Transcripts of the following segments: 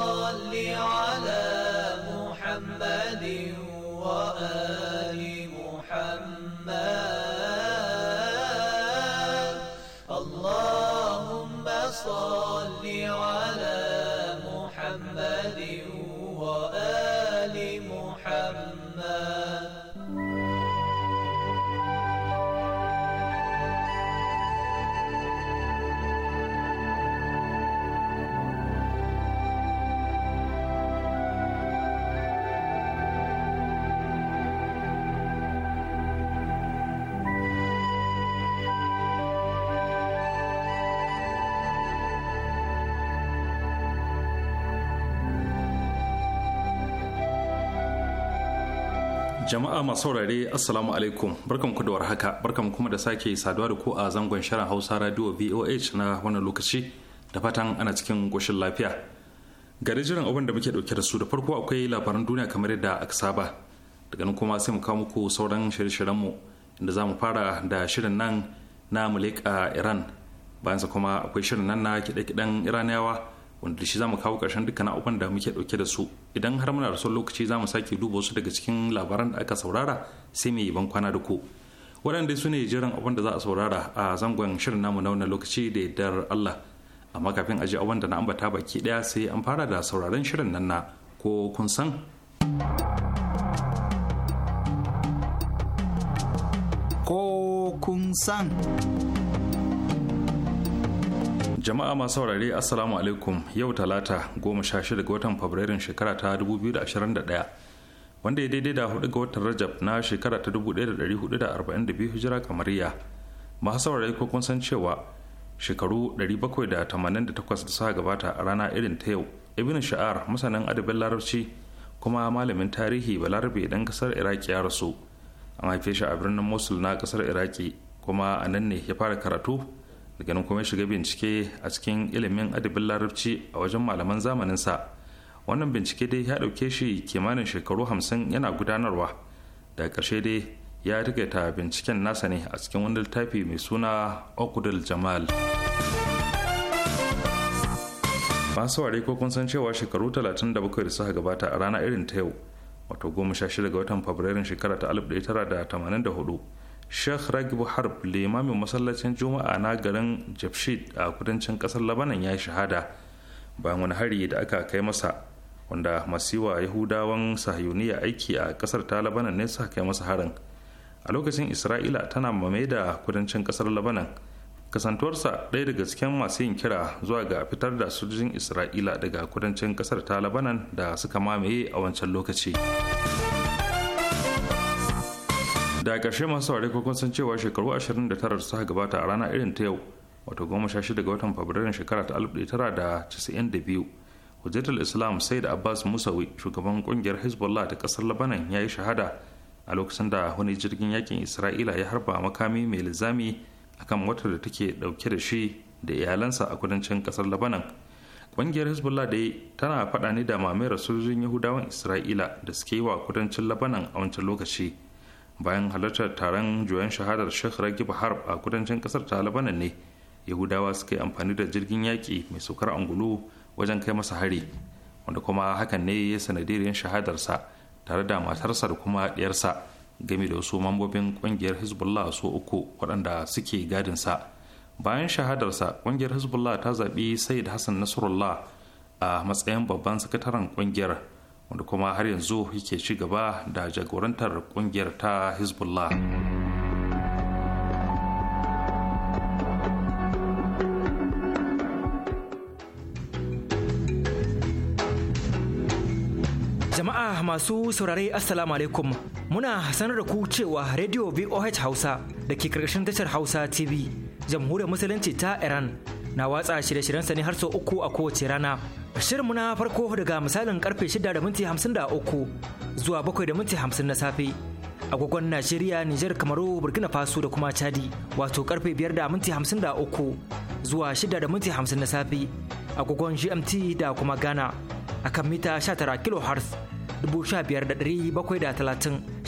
صل على jama'a masu saurare assalamu alaikum barkan ku da warhaka barkan kuma da sake saduwa da ku a zangon shirin hausa radio voh na wannan lokaci da fatan ana cikin ƙoshin lafiya gari jiran abin da muke dauke da su da farko akwai labaran duniya kamar yadda aka saba daga nan kuma sai mu kawo muku sauran shirye-shiryen mu inda za mu fara da shirin nan na a iran bayansa kuma akwai shirin nan na kiɗe-kiɗen iraniyawa wanda da shi za mu kawo ƙarshen dukkan abubuwan da muke ɗauke da su idan har muna da son lokaci za mu sake duba wasu daga cikin labaran da aka saurara sai mai ban kwana da ku waɗanda su ne jiran abin da za a saurara a zangon shirin namu na wannan lokaci da yardar Allah amma kafin a ji abin da na ambata baki ɗaya sai an fara da sauraron shirin nan na ko kun san ko kun san jama'a masu saurare assalamu alaikum yau talata goma sha shida ga watan fabrairun shekara ta 2021 wanda ya daidai da hudu ga watan rajab na shekara ta 1442 hijira kamariya masu saurare ko kun san cewa shekaru 788 da suka gabata a rana irin ta yau ibn sha'ar masanin adabin larabci kuma malamin tarihi balarabe dan kasar iraki ya rasu an haife shi a birnin mosul na kasar iraki kuma a nan ne ya fara karatu daga kuma kuma shiga bincike a cikin ilimin adabin larabci a wajen malaman zamaninsa wannan bincike dai ya ɗauke shi kimanin shekaru hamsin yana gudanarwa da ƙarshe dai ya ta binciken nasa ne a cikin wani littafi mai suna okudul jamal masu ware ko kun san cewa shekaru 37 da suka gabata a rana irin ta yau wato 16 ga watan fabrairun shekara ta 1984 sheikh ragibu harb limamin masallacin juma'a na garin jabshid a kudancin kasar labanan ya shahada bayan wani hari da aka kai masa wanda masiwa yahudawan sahiyuniya aiki a kasar ta labanan ne suka kai masa harin a lokacin isra'ila tana mame da kudancin kasar labanan kasantuwarsa ɗaya daga cikin masu yin kira zuwa ga fitar da sojojin isra'ila daga kudancin kasar ta labanan da suka mamaye a wancan lokaci da ƙarshe masu saurare ko kun san cewa shekaru 29 su gabata a rana irin ta yau wato 16 ga watan fabrairun shekara ta 1992 hujjatar islam sai da abbas musawi shugaban kungiyar hezbollah ta kasar labanan ya yi shahada a lokacin da wani jirgin yakin isra'ila ya harba makami mai lizami akan wata da take dauke da shi da iyalansa a kudancin kasar labanan kungiyar hezbollah da tana faɗa ne da mamayar sojojin yahudawan isra'ila da suke yi wa kudancin labanan a wancan lokaci bayan halartar taron juyan shahadar sheikh ragib harb a kudancin kasar ta labanan ne yahudawa suka yi amfani da jirgin yaƙi mai saukar angulu wajen kai masa hari wanda kuma hakan ne ya sanadirin shahadarsa tare da matarsa da kuma ɗiyarsa game da wasu mambobin ƙungiyar hezbollah su uku waɗanda suke gadinsa bayan shahadarsa ƙungiyar hezbollah ta zaɓi sayid hassan nasrullah a matsayin babban sakataren ƙungiyar wanda kuma har yanzu yake ci gaba da jagorantar kungiyar ta hezbollah jama'a masu saurare assalamu alaikum muna sanar da ku cewa radio voh hausa da ke karkashin tashar hausa tv jamhuriyar musulunci ta iran na watsa shirye-shiryensa ne har sau uku a kowace rana. Shirinmu na farko daga misalin karfe shida da minti uku zuwa bakwai da minti hamsin na safe. Agogon Najeriya, Nijar, Kamaru, Burkina Faso da kuma Chadi wato karfe 5 da minti zuwa 6:50 da minti na safe. Agogon GMT da kuma Ghana akan mita 19 kHz 15,730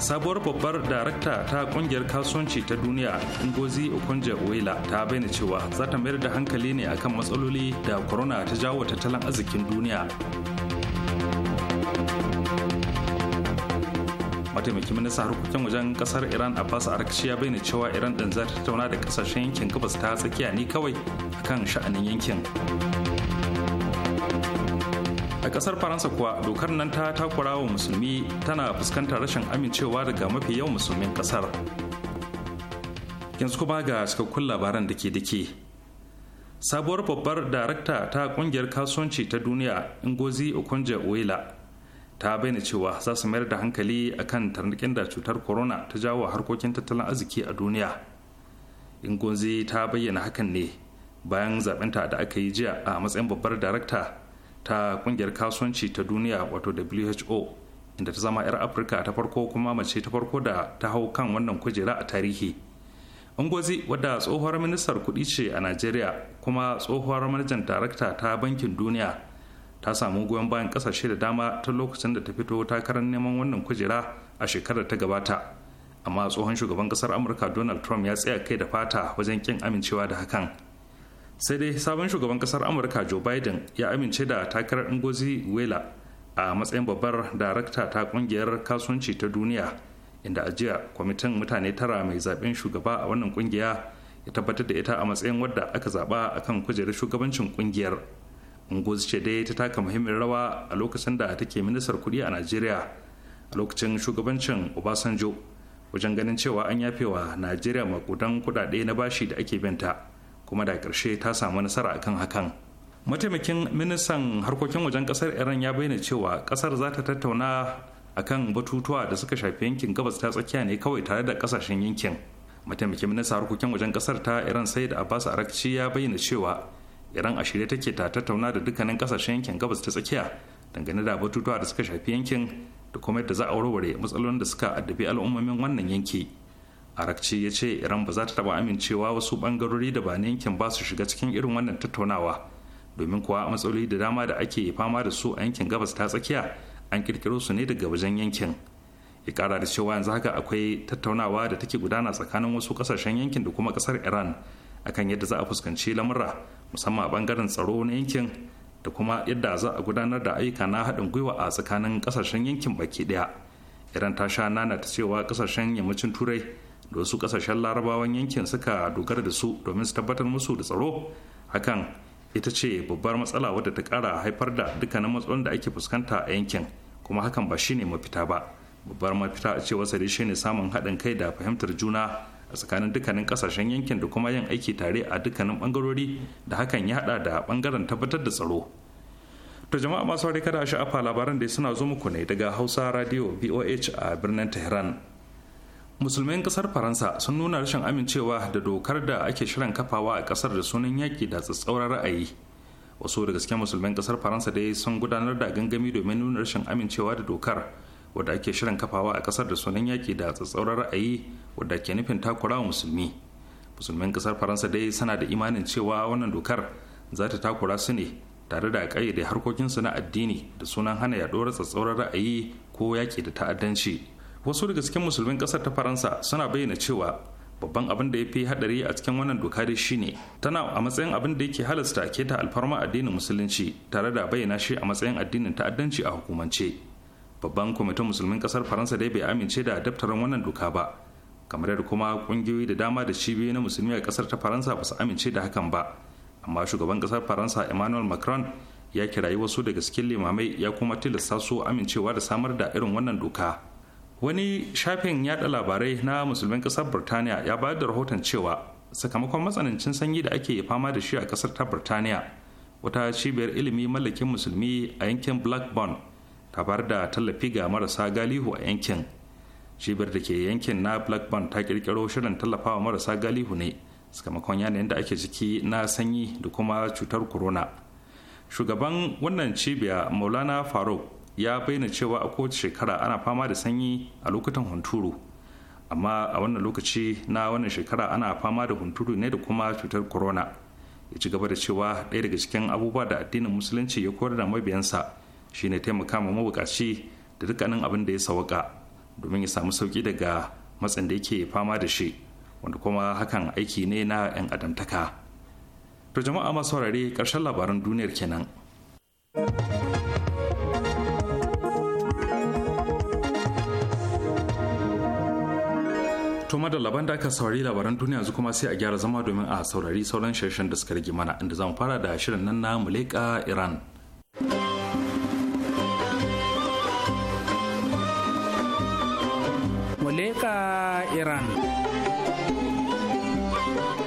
sabuwar babbar darakta ta kungiyar kasuwanci ta duniya ngozi okonjo iweala ta bayyana cewa za ta mayar da hankali ne akan matsaloli da corona ta jawo tattalin arzikin duniya mataimakin ministan harkokin wajen kasar iran abbas arkashi ya bayyana cewa iran din za ta tattauna da kasashen yankin gabas ta tsakiya ne kawai akan sha'anin yankin a kasar faransa kuwa dokar nan ta takura wa musulmi tana fuskantar rashin amincewa daga mafi yawan musulmin kasar yanzu kuma ga cikakkun labaran da ke dake sabuwar babbar darakta ta kungiyar kasuwanci ta duniya ingozi okunja oila ta bayyana cewa za su mayar da hankali akan tarnikin da cutar corona ta jawo harkokin tattalin arziki a duniya ingozi ta bayyana hakan ne bayan zaɓenta da aka yi jiya a matsayin babbar darakta ta kungiyar kasuwanci ta duniya wato who inda ta zama 'yar afirka ta farko kuma mace ta farko da ta hau kan wannan kujera a tarihi ungozi wadda tsohuwar ministar kudi ce a Nigeria kuma tsohuwar manajan darakta ta bankin duniya ta samu goyon bayan kasashe da dama ta lokacin da ta fito takarar neman wannan kujera a shekarar ta gabata amma tsohon shugaban kasar amurka donald trump ya tsaya kai da fata wajen kin amincewa da hakan sai dai sabon shugaban kasar amurka joe biden ya amince da takarar ngozi wela a matsayin babbar darakta ta kungiyar kasuwanci ta duniya inda ajiya kwamitin mutane tara mai zaben shugaba a wannan kungiya ya tabbatar da ita a matsayin wadda aka zaba akan kujerar shugabancin kungiyar ngozi ce dai ta taka muhimmin rawa a lokacin da take ministar kudi a najeriya a lokacin shugabancin obasanjo wajen ganin cewa an yafe yafewa najeriya makudan kudade na bashi da ake binta kuma da karshe ta samu nasara akan hakan mataimakin ministan harkokin wajen kasar iran ya bayyana cewa kasar za ta tattauna akan batutuwa da suka shafi yankin gabas ta tsakiya ne kawai tare da kasashen yankin mataimakin ministan harkokin wajen kasar ta iran said abbas arakci ya bayyana cewa iran a shirye take ta tattauna da dukkanin ƙasashen yankin gabas ta tsakiya dangane da batutuwa da suka shafi yankin da kuma yadda za a warware matsalolin da suka addabi al'ummomin wannan yanki arakci ya ce iran ba za ta taba amincewa wasu bangarori da ba na yankin ba su shiga cikin irin wannan tattaunawa domin kuwa matsaloli da dama da ake fama da su a yankin gabas ta tsakiya an kirkiro su ne daga wajen yankin ya kara da cewa yanzu haka akwai tattaunawa da take gudana tsakanin wasu kasashen yankin da kuma kasar iran akan yadda za a fuskanci lamura musamman a bangaren tsaro na yankin da kuma yadda za a gudanar da ayyuka na haɗin gwiwa a tsakanin kasashen yankin baki ɗaya iran ta sha nana ta cewa kasashen yammacin turai da wasu kasashen larabawan yankin suka dogara da su domin su tabbatar musu da tsaro hakan ita ce babbar matsala wadda ta kara haifar da dukkanin matsalolin da ake fuskanta a yankin kuma hakan ba shine mafita ba babbar mafita a cewar sare shine samun haɗin kai da fahimtar juna a tsakanin dukkanin kasashen yankin da kuma yin aiki tare a dukkanin bangarori da hakan ya hada da bangaren tabbatar da tsaro to jama'a masu kada a sha'afa labaran da suna zo muku ne daga hausa radio boh a birnin tehran musulmai kasar faransa sun nuna rashin amincewa da dokar da ake shirin kafawa a kasar da sunan yaƙi da tsatsauran ra'ayi wasu da gaske musulman kasar faransa dai sun gudanar da gangami domin nuna rashin amincewa da dokar wadda ake shirin kafawa a kasar da sunan yaƙi da tsatsauran ra'ayi wadda ke nufin takurawa musulmi musulmai kasar faransa dai suna da imanin cewa wannan dokar za ta takura su ne tare da ƙayyade harkokinsu na addini da sunan hana yaɗuwar tsatsauran ra'ayi ko yaƙi da ta'addanci wasu daga cikin musulmin kasar ta faransa suna bayyana cewa babban abin da ya fi hadari a cikin wannan doka dai shine tana a matsayin abin da yake halasta keta alfarma addinin musulunci tare da bayyana shi a matsayin addinin ta'addanci a hukumance babban kwamitin musulmin kasar faransa dai bai amince da daftarin wannan doka ba kamar da kuma kungiyoyi da dama da cibiyoyi na musulmi a kasar ta faransa ba su amince da hakan ba amma shugaban kasar faransa emmanuel macron ya kirayi wasu daga cikin limamai ya kuma tilasta su amincewa da samar da irin wannan doka wani shafin yada labarai na musulmin kasar birtaniya ya bayar da rahoton cewa sakamakon matsanancin sanyi da ake fama da shi a kasar ta birtaniya wata cibiyar ilimi mallakin musulmi a yankin blackburn ta bayar da tallafi ga marasa galihu a yankin cibiyar da ke yankin na blackburn ta kirkiro shirin tallafawa marasa galihu ne sakamakon yanayin da ake ciki na sanyi da kuma cutar corona shugaban wannan cibiya maulana faruk ya bayyana cewa a kowace shekara ana fama da sanyi a lokutan hunturu amma a wannan lokaci na wannan shekara ana fama da hunturu ne da kuma cutar corona ya ci gaba da cewa ɗaya daga cikin abubuwa da addinin musulunci ya koyar da mabiyansa shine taimaka ma mabukaci da dukkanin abin da ya sawaka domin ya samu sauki daga matsin da yake fama da shi wanda kuma hakan aiki ne na 'yan adamtaka to jama'a masu saurare ƙarshen labaran duniyar kenan to madallaban da aka saurari labaran duniya yanzu kuma sai a gyara zama domin a saurari sauran shirshen da suka rage mana inda zamu fara da shirin nan na muleka iran muleka iran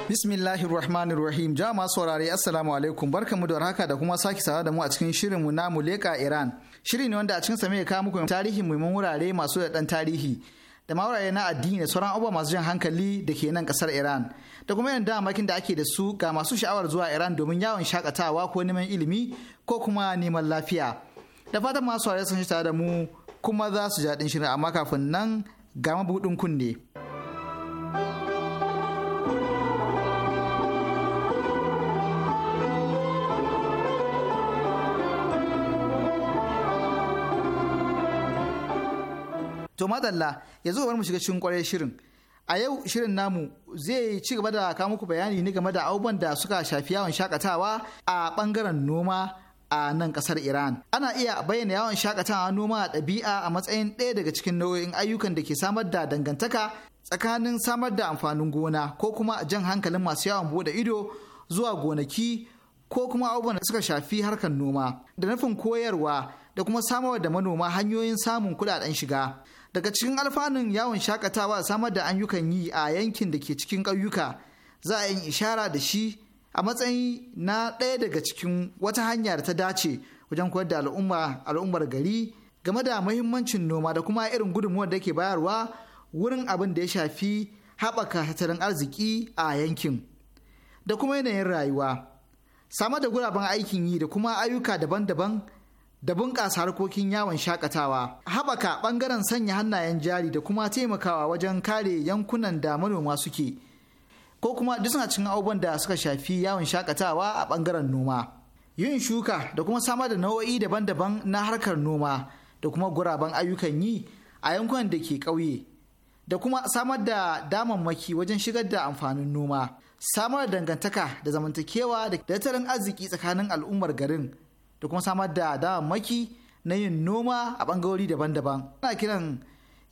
Bismillahir Rahmanir Rahim. Ja masu saurare Assalamu alaikum. Barkamu da warhaka da kuma sake sawa da mu a cikin shirin mu na Muleka Iran. Shiri ne wanda a cikin sa muka kawo muku tarihin muhimman wurare masu da tarihi. da mauraye na addini da sauran abubuwa masu jan hankali da ke nan kasar Iran da kuma irin damakin da ake da su ga masu sha'awar zuwa Iran domin yawon shakatawa ko neman ilimi ko kuma neman lafiya. Da fatan masu sun shi tare da mu kuma za su ji daɗin shirin amma kafin nan ga mabuɗin kunne. To madalla zo bar mu shiga cikin kwarai shirin. A yau shirin namu zai ci gaba da kawo muku bayani ne game da abubuwan da suka shafi yawon shakatawa a bangaren noma a nan kasar Iran. Ana iya bayyana yawon shakatawa noma a ɗabi'a a matsayin ɗaya daga cikin nau'in ayyukan da ke samar da dangantaka tsakanin samar da amfanin gona ko kuma jan hankalin masu yawon bude ido zuwa gonaki ko kuma abubuwan da suka shafi harkar noma da nufin koyarwa da kuma samarwa da manoma hanyoyin samun kuɗaɗen shiga. daga cikin alfanun yawon shakatawa samar da ayyukan yi a yankin da ke cikin ƙauyuka za a yi ishara da shi a matsayi na ɗaya daga cikin wata hanya da ta dace wajen koyar da al'umma al'ummar gari game da mahimmancin noma da kuma irin gudunmuwar da ke bayarwa wurin abin da ya shafi haɓaka tattalin arziki a yankin da kuma yanayin rayuwa samar da guraben aikin yi da kuma ayyuka daban-daban da bunƙasa harkokin yawon shakatawa haɓaka ɓangaren sanya hannayen jari da kuma taimakawa wajen kare yankunan da manoma suke ko kuma duk suna cikin abubuwan da suka shafi yawon shakatawa a ɓangaren noma yin shuka da kuma samar da nau'o'i daban-daban na harkar noma da kuma guraben ayyukan yi a yankunan da ke ƙauye da kuma samar da damammaki wajen shigar da amfanin noma samar da dangantaka da zamantakewa da tattalin arziki tsakanin al'ummar garin da kuma samar da damammaki na yin noma a bangarori daban-daban ana kiran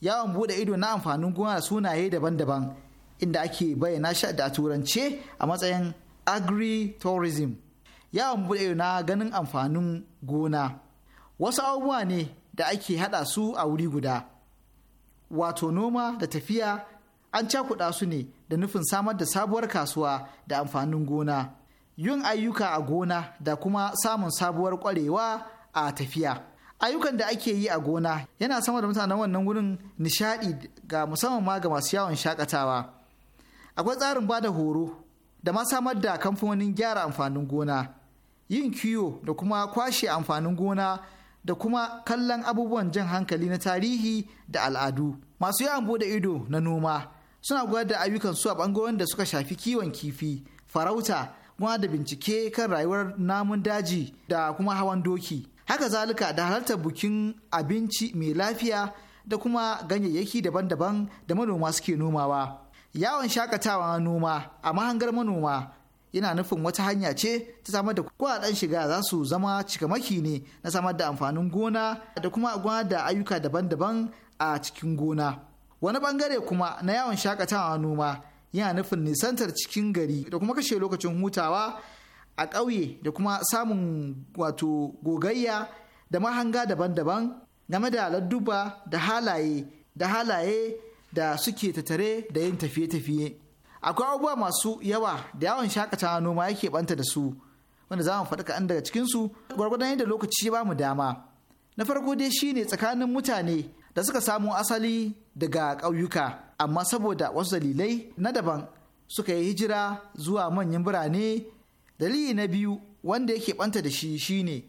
yawon bude ido na amfanin gona da sunaye daban-daban inda ake bayyana shi da turance a matsayin agri-tourism yawon bude ido na ganin amfanin gona wasu abubuwa ne da ake hada su a wuri guda wato noma da tafiya an cakuɗa su ne da nufin samar da sabuwar kasuwa da amfanin gona yin ayyuka a gona da kuma samun sabuwar kwarewa a tafiya. Ayyukan da ake yi a gona yana sama da mutanen wannan wurin nishaɗi ga musamman ma ga masu yawon shakatawa. Akwai tsarin bada horo da ma samar da kamfanonin gyara amfanin gona, yin kiyo da kuma kwashe amfanin gona da kuma kallon abubuwan jan hankali na tarihi da al'adu. Masu yawon bude ido na noma suna gudanar da ayyukan su a bangoren da suka shafi kiwon kifi, farauta, kuma da bincike kan rayuwar namun daji da kuma hawan doki haka zalika da halartar bukin abinci mai lafiya da kuma ganyayyaki daban-daban da manoma suke nomawa yawon shakatawa noma a mahangar manoma yana nufin wata hanya ce ta samar da kuɗaɗen shiga za su zama cikamaki ne na samar da amfanin gona da kuma gona da ayyuka daban-daban a cikin gona wani bangare kuma na yawon shakatawa noma yana nufin nisantar cikin gari da kuma kashe lokacin hutawa a ƙauye da kuma samun wato gogayya da mahanga daban-daban game da ladduba da halaye da halaye da suke tattare da yin tafiye-tafiye akwai abubuwa masu yawa da yawon shakatawa noma yake banta da su wanda za mu faɗi kaɗan daga cikinsu gwargwadon yadda lokaci ba mu dama na farko dai shine tsakanin mutane da suka samu asali daga ƙauyuka amma saboda wasu dalilai na daban suka yi hijira zuwa manyan birane dalili na biyu wanda yake banta da shi shine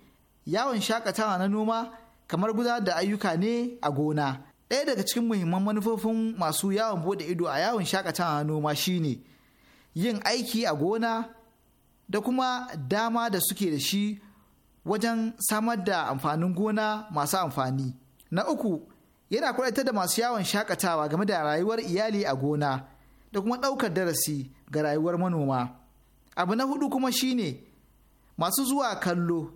yawon shakatawa na noma kamar gudanar da ayyuka ne a gona ɗaya daga cikin muhimman manufofin masu yawon bude ido a yawon shakatawa na noma shine yin aiki a gona da kuma dama da suke da shi wajen samar da amfanin gona masu amfani na uku yana kwadatar da masu yawon shakatawa game da rayuwar iyali a gona da kuma ɗaukar darasi ga rayuwar manoma abu na hudu kuma shine masu zuwa kallo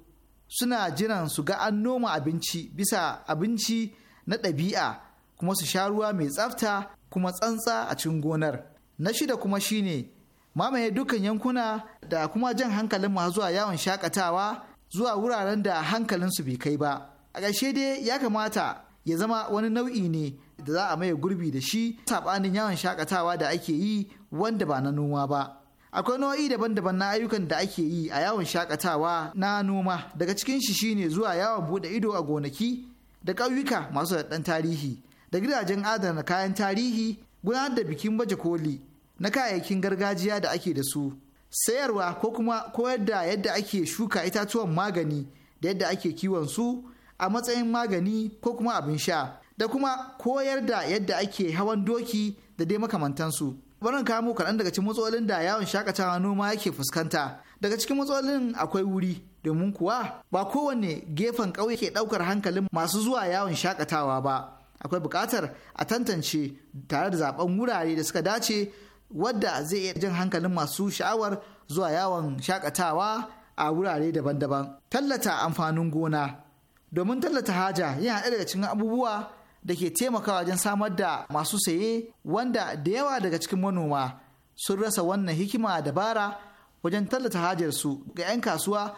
suna jiran su ga an noma abinci bisa abinci na ɗabi'a kuma su sha ruwa mai tsafta kuma tsantsa a cikin gonar na shida kuma shine mamaye dukkan yankuna da kuma jan hankalin masu zuwa yawon shakatawa zuwa wuraren da hankalinsu bai kai ba a ƙarshe dai ya kamata ya zama wani nau'i ne da za a maye gurbi da shi saɓanin yawon shakatawa da ake yi wanda ba na noma ba. Akwai nau'i daban-daban na ayyukan da ake yi a yawon shakatawa na noma daga cikin shi shine zuwa yawon buɗe ido a gonaki da ƙauyuka masu daɗan tarihi da gidajen adana kayan tarihi gudanar da bikin baje koli na kayayyakin gargajiya da ake da su sayarwa ko kuma koyar da yadda ake shuka itatuwan magani da yadda ake kiwon su a matsayin magani ko kuma abin sha da kuma koyar da yadda ake hawan doki da dai makamantansu. Barin kamo kaɗan daga cikin matsalolin da yawon shakatawa noma yake fuskanta. Daga cikin matsalolin akwai wuri domin kuwa ba kowanne gefen ƙauye ke ɗaukar hankalin masu zuwa yawon shakatawa ba. Akwai buƙatar a tantance tare da zaben wurare da suka dace wadda zai iya jin hankalin masu sha'awar zuwa yawon shakatawa a wurare daban-daban. Tallata amfanin gona domin tallata haja yana ɗaya daga cikin abubuwa da ke taimakawa wajen samar da masu saye wanda da yawa daga cikin manoma sun rasa wannan hikima dabara wajen tallata hajarsu ga 'yan kasuwa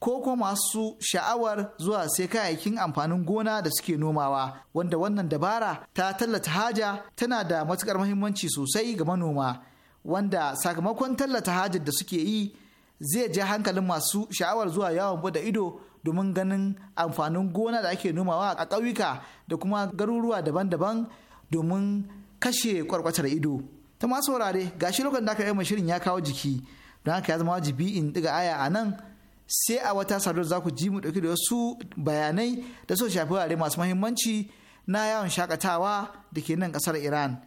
ko kuma masu sha'awar zuwa sai kayayyakin amfanin gona da suke nomawa wanda wannan dabara ta tallata haja tana da matukar muhimmanci sosai ga manoma wanda sakamakon tallata hajar da suke yi zai ja hankalin masu sha'awar zuwa yawon bude ido domin ganin amfanin gona da ake nomawa a ƙauyuka da kuma garuruwa daban-daban domin kashe kwarkwatar ido ta masu wurare ga shi lokacin da aka yi shirin ya kawo jiki don haka ya zama wajibi in ɗiga aya a nan sai a wata sadar za ku ji mu ɗauki da wasu bayanai da su shafi wurare masu mahimmanci na yawon shakatawa da ke nan ƙasar iran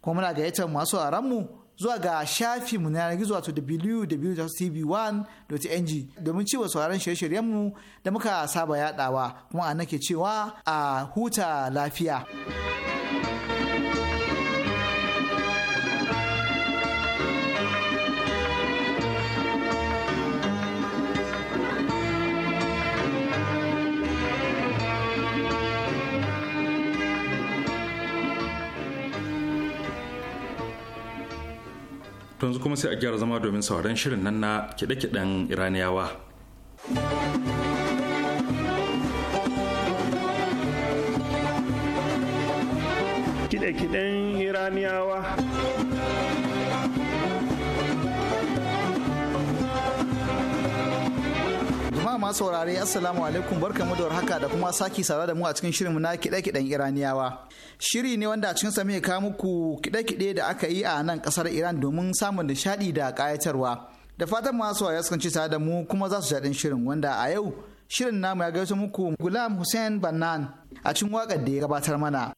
kuma muna gayyatar masu mu zuwa ga shafi mu na gizo wato www.tv1.ng domin cewa sauraron shirye-shiryenmu da muka saba yadawa kuma a nake cewa a huta lafiya. To yanzu kuma sai a gyara zama domin sauran shirin nan na kide-kiden Iraniyawa. kide-kiden Iraniyawa. ma saurare assalamu alaikum mu da haka da kuma saki saura da mu a cikin shirinmu na kiɗe-kiɗen iraniyawa shiri ne wanda a cikin sa muke kawo muku kiɗe-kiɗe da aka yi a nan kasar iran domin samun nishaɗi da kayatarwa da fatan masu saurare sun ci tare da mu kuma za su jaɗin shirin wanda a yau shirin namu ya gaisa muku gulam hussein bannan a cikin wakar da ya gabatar mana.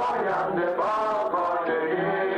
I am the power of the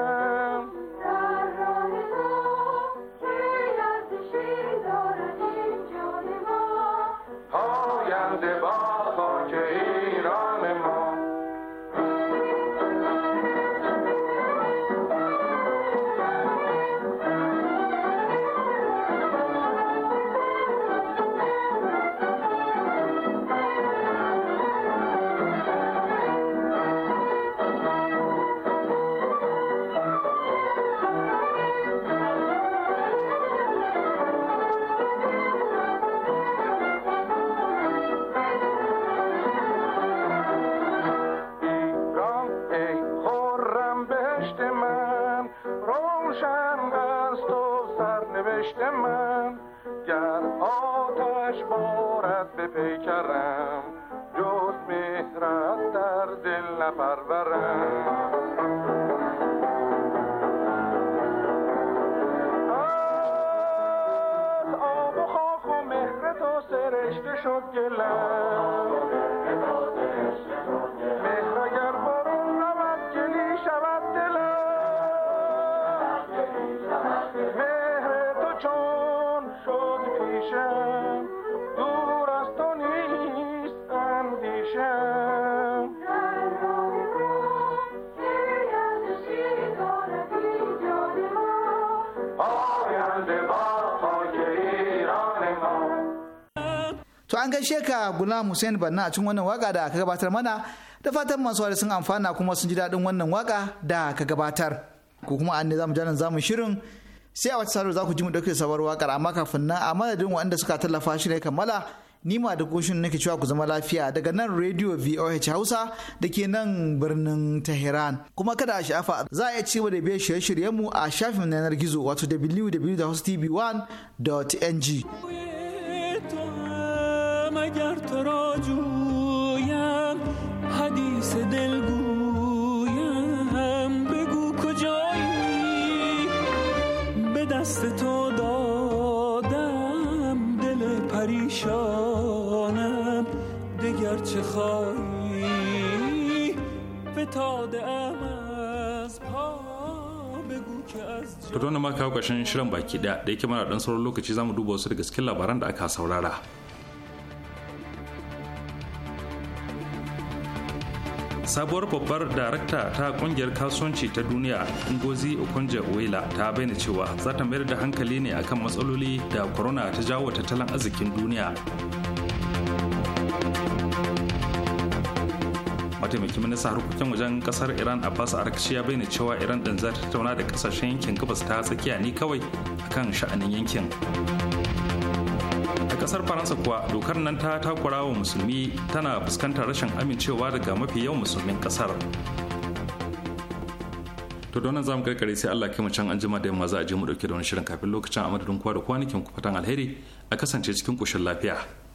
آتش بارد به پیکرم جز مهرت در دل نپرورم آب و خاک و مهر تو سرشته شد گلم مهر اگر برون رود گلی شود دلم مهر تو چون شد پیشم to an gaishe ka gulam hussein banna a cikin wannan waka da aka gabatar mana da fatan masu wari sun amfana kuma sun ji daɗin wannan waka da ka gabatar ko kuma an ne zamu jaran zamu shirin sai a wata sarar za ku ji mu dauke sabar wakar amma kafin nan a madadin waɗanda suka tallafa shi ne kammala ni ma da goshin nake cewa ku zama lafiya daga nan radio VOH Hausa da ke nan birnin Tehran kuma kada a sha'afa za a iya ci da biyar shirye-shiryenmu a shafin yanar gizo wato www.hostv1.ng. اگر تو را جویم حدیث دل گویم بگو کجایی به دست تو دادم دل پریشانم دگر چه خواهی به ام to don ma kawo ƙarshen shirin baki daya da yake mana dan sauran lokaci zamu duba wasu daga cikin labaran da aka saurara sabuwar babbar darakta ta kungiyar kasuwanci ta duniya ngozi okonjo wela ta bayyana cewa za ta mayar da hankali ne akan matsaloli da corona ta jawo tattalin arzikin duniya mataimakin minista harkokin wajen kasar iran abbas arkashi ya bayyana cewa iran din za ta tattauna da kasashen yankin gabas ta tsakiya ne kawai akan sha'anin yankin kasar faransa kuwa dokar nan ta takura wa musulmi tana fuskantar rashin amincewa daga mafi yawan musulmin kasar to don nan zamu karkare sai Allah kai mu can anjima da yamma za a je mu dauke da wani shirin kafin lokacin a madadin kuwa da kwanakin ku fatan alheri a kasance cikin koshin lafiya